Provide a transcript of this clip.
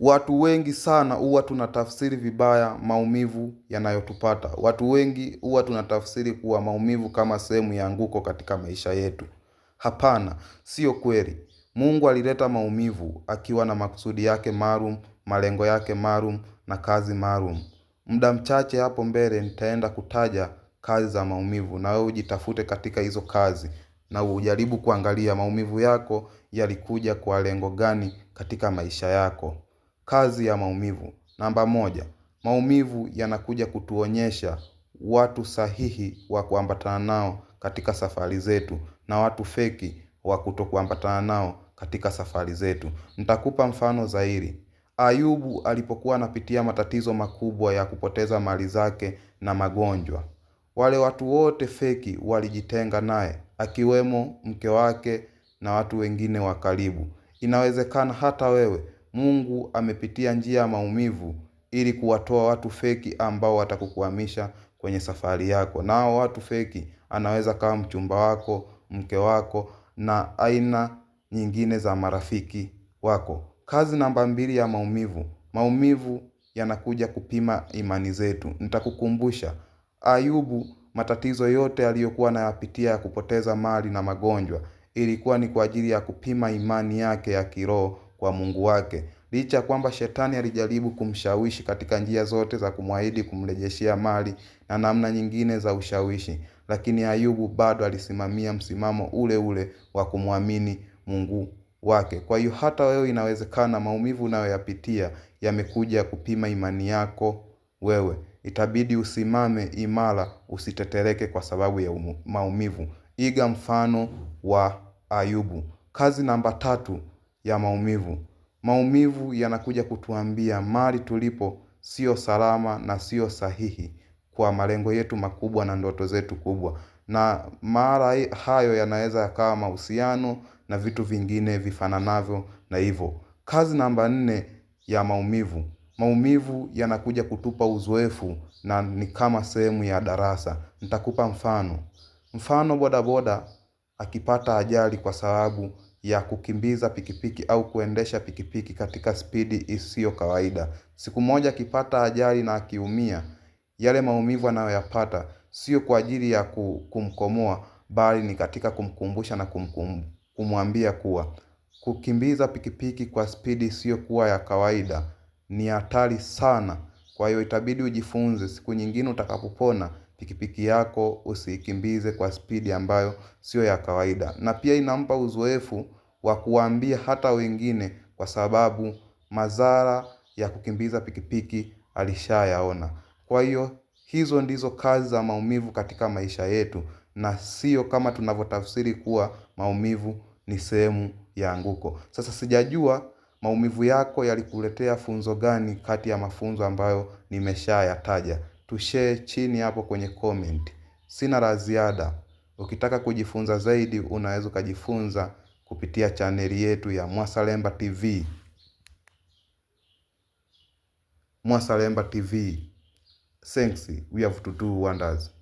Watu wengi sana huwa tunatafsiri vibaya maumivu yanayotupata. Watu wengi huwa tunatafsiri kuwa maumivu kama sehemu ya anguko katika maisha yetu. Hapana, sio kweli. Mungu alileta maumivu akiwa na makusudi yake maalum, malengo yake maalum na kazi maalum. Muda mchache hapo mbele nitaenda kutaja kazi za maumivu na wewe ujitafute katika hizo kazi na ujaribu kuangalia maumivu yako yalikuja kwa lengo gani katika maisha yako. Kazi ya maumivu. Namba moja, maumivu yanakuja kutuonyesha watu sahihi wa kuambatana nao katika safari zetu na watu feki wa kutokuambatana nao katika safari zetu. Nitakupa mfano zaidi. Ayubu alipokuwa anapitia matatizo makubwa ya kupoteza mali zake na magonjwa. Wale watu wote feki walijitenga naye, akiwemo mke wake na watu wengine wa karibu. Inawezekana hata wewe Mungu amepitia njia ya maumivu ili kuwatoa watu feki ambao watakukuhamisha kwenye safari yako. Nao watu feki anaweza kawa mchumba wako, mke wako na aina nyingine za marafiki wako. Kazi namba mbili ya maumivu. Maumivu yanakuja kupima imani zetu. Nitakukumbusha Ayubu matatizo yote aliyokuwa anayapitia ya kupoteza mali na magonjwa ilikuwa ni kwa ajili ya kupima imani yake ya kiroho kwa Mungu wake. Licha ya kwamba shetani alijaribu kumshawishi katika njia zote za kumwahidi kumrejeshea mali na namna nyingine za ushawishi, lakini Ayubu bado alisimamia msimamo ule ule wa kumwamini Mungu wake. Kwa hiyo hata wewe inawezekana maumivu unayoyapitia yamekuja kupima imani yako wewe. Itabidi usimame imara, usitetereke kwa sababu ya umu, maumivu. Iga mfano wa Ayubu. Kazi namba tatu ya maumivu. Maumivu yanakuja kutuambia mali tulipo sio salama na sio sahihi kwa malengo yetu makubwa na ndoto zetu kubwa, na mara hayo yanaweza yakawa mahusiano na vitu vingine vifananavyo na hivyo. Kazi namba nne ya maumivu. Maumivu yanakuja kutupa uzoefu na ni kama sehemu ya darasa. Nitakupa mfano. Mfano bodaboda akipata ajali kwa sababu ya kukimbiza pikipiki au kuendesha pikipiki katika spidi isiyo kawaida. Siku moja akipata ajali na akiumia, yale maumivu anayoyapata sio kwa ajili ya kumkomoa bali ni katika kumkumbusha na kumwambia kuwa kukimbiza pikipiki kwa spidi isiyokuwa ya kawaida ni hatari sana. Kwa hiyo itabidi ujifunze, siku nyingine utakapopona pikipiki yako usiikimbize kwa spidi ambayo sio ya kawaida. Na pia inampa uzoefu wa kuwaambia hata wengine, kwa sababu madhara ya kukimbiza pikipiki alishayaona. Kwa hiyo hizo ndizo kazi za maumivu katika maisha yetu, na sio kama tunavyotafsiri kuwa maumivu ni sehemu ya anguko. Sasa sijajua maumivu yako yalikuletea funzo gani kati ya mafunzo ambayo nimeshayataja. tushe chini hapo kwenye comment. Sina la ziada. Ukitaka kujifunza zaidi unaweza ukajifunza kupitia chaneli yetu ya Mwasalemba TV. Mwasalemba TV. Thanks, we have to do wonders.